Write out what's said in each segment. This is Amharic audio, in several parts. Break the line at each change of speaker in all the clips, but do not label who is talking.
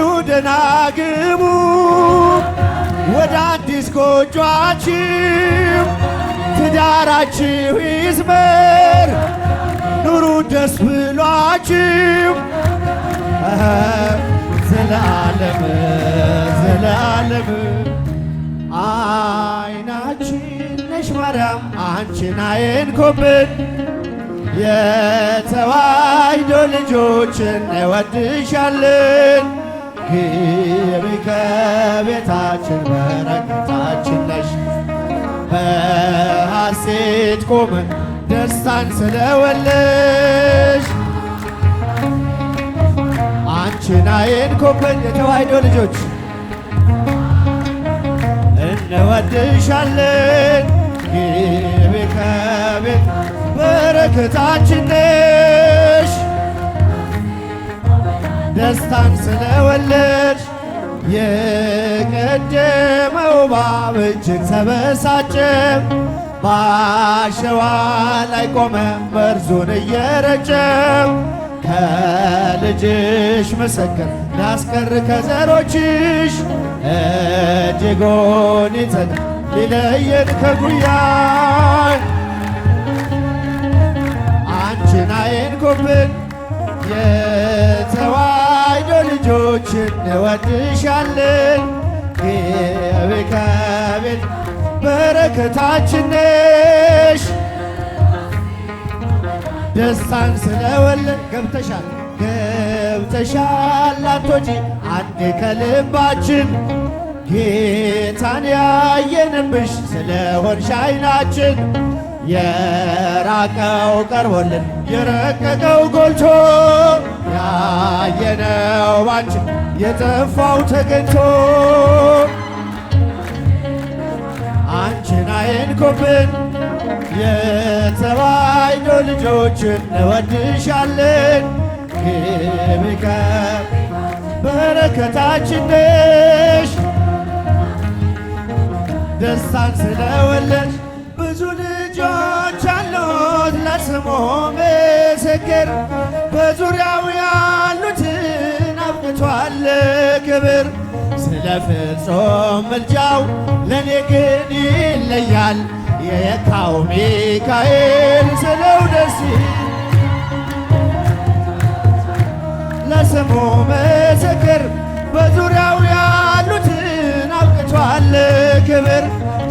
በሉ ደናግሙ ወደ አዲስ ጎጇችሁ ትዳራችሁ ይስበር ኑሩ ደስ ብሏችሁ ዘላለም ዘላለም አይናችን ነሽ ማርያም አንቺን አየንኩብን የተዋሕዶ ልጆችን እንወድሻለን ግቢ ከቤታችን በረከታችን ነሽ። በሐሴት ቆመን ደስታን ስለወለሽ አንቺን አይን ኮበን የተዋሕዶ ልጆች እንወድሻለን። ግቢ ከቤት በረከታችን ነሽ ደስታን ስለወለድ የቀደመው እባብ እጅግ ተበሳጨ፣ በአሸዋ ላይ ቆመ መርዙን እየረጨ። ከልጅሽ ምስክር ላስቀር ከዘሮችሽ እጅጎን ይጸጥ ሊለየን ከጉያይ አንቺን አይንኩብን የተዋ ልጆች እንወድሻለን ከቤት ከቤት በረከታችን ነሽ ደስታን ስለወለድ ገብተሻል ገብተሻል አቶጂ አንድ ከልባችን ጌታን ያየንብሽ ስለሆንሽ አይናችን የራቀው ቀርቦልን የረቀቀው ጎልቶ አንቺ የጠፋው ተገኝቶ አንቺን ኮብን የተባይዶ ልጆችን እንወድሻለን ግብከ በረከታችን ነሽ ደስታን ስለወለድሽ ብዙ ልጆች አሉት ለስሙ ምስክር በዙሪያው ክብር ስለ ፍጹም ምልጃው ለእኔ ግን ይለያል የየካው ሚካኤል ስለው ደስ ለስሙ ምስክር በዙሪያው ያሉትን አውቅቷል ክብር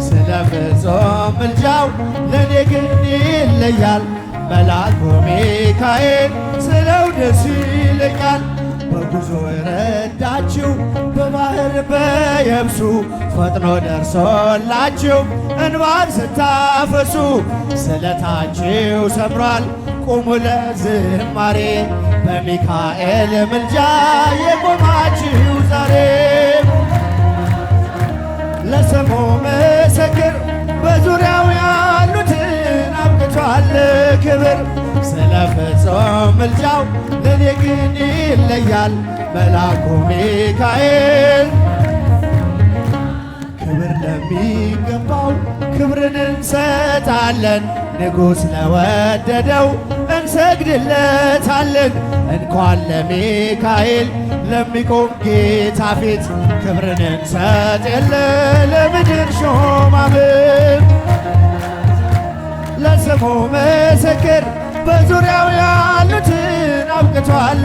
ስለ ፍጹም ምልጃው ለእኔ ግን ይለያል መልአኩ ሚካኤል ስለው ደስ ይለኛል ጉዞ ረዳችሁ በባህር በየብሱ ፈጥኖ ደርሶላችሁ እንባን ስታፈሱ ስለታችሁ ሰምሯል። ቁሙ ለዝማሬ በሚካኤል ምልጃ የቆማችሁ ዛሬ ለስሙ ምስክር በዙሪያው ያሉትን አብቅቷል ክብር ስለ ፍጹም ምልጃው ለኔ ግን ይለያል መልአኩ ሚካኤል ክብር ለሚገባው ክብርን እንሰጣለን ንጉሥ ለወደደው እንሰግድለታለን እንኳን ለሚካኤል ለሚቆም ጌታ ፊት ክብርን እንሰጥ የለ ለምድር ሾማምን ለስሙ ምስክር በዙሪያው ያሉትን አብቅቷል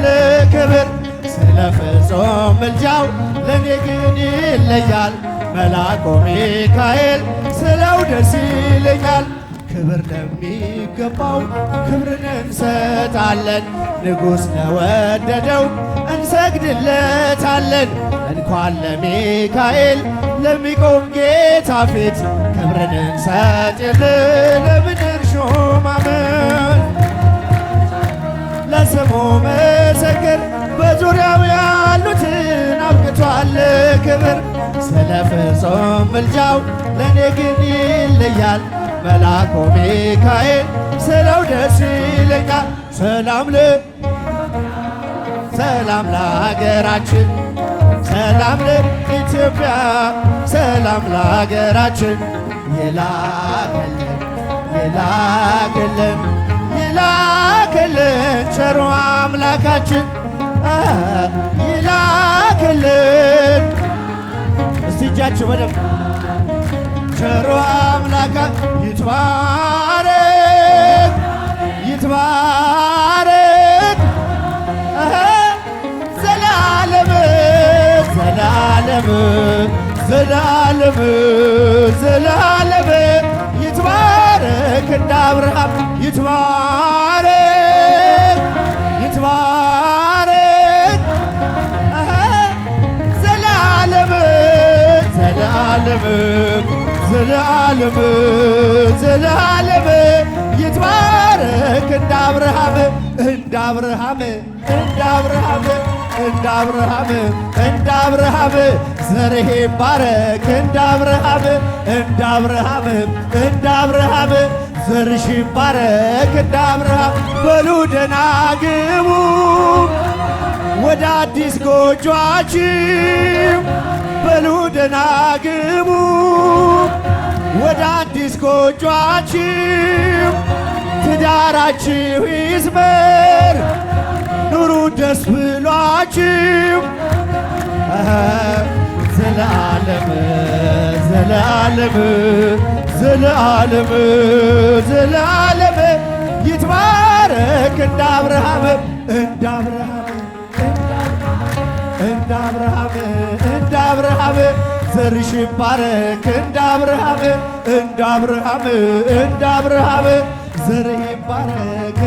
ክብር ስለ ፍጹም ምልጃው ለኔ ግን ይለያል መልአኩ ሚካኤል ስለው ደስ ይለኛል። ክብር ለሚገባው ክብርን እንሰጣለን ንጉሥ ለወደደው እንሰግድለታለን። እንኳን ለሚካኤል ለሚቆም ጌታ ፊት ክብርን እንሰጥ ክብር ስለ ፍጹም ምልጃው ለእኔ ግን ይለያል። መልአኩ ሚካኤል ስለው ደስ ይለኛል። ሰላም ለ ሰላም ለሀገራችን፣ ሰላም ለኢትዮጵያ፣ ሰላም ለሀገራችን የላከልን የላከልን የላከልን ቸሩ አምላካችን እጃችሁ በደንብ ቸሮ አምላካ ይትባረክ ይትባረክ ዘላለም ዘላለም ዘላለም ዘላለም ይትባረክ እንደ አብርሃም ይትባረክ ዘላለም ዘላለም ይትባረክ እንደ አብርሃም እንደ አብርሃም እንደ አብርሃም እንደ አብርሃም እንደ አብርሃም ዘርህ ይባረክ እንደ አብርሃም እንደ አብርሃም እንደ አብርሃም ዘርሽ ይባረክ እንደ አብርሃም በሉ ደህና ግቡ ወደ አዲስ ጎጆአችሁ በሉ ደህና ግቡ ጎጇችሁ ትዳራችሁ ይስበር፣ ኑሩ ደስ ብሏችሁ ዘላለም ዘላለም ዘላለም ዘላለም ይትባረክ እንደ አብርሃም እንደ አብርሃም እንደ አብርሃም እንደ አብርሃም ዘርሽ ይባረክ እንደ አብርሃም እንደ አብርሃም እንደ አብርሃም ዘርህ ይባረክ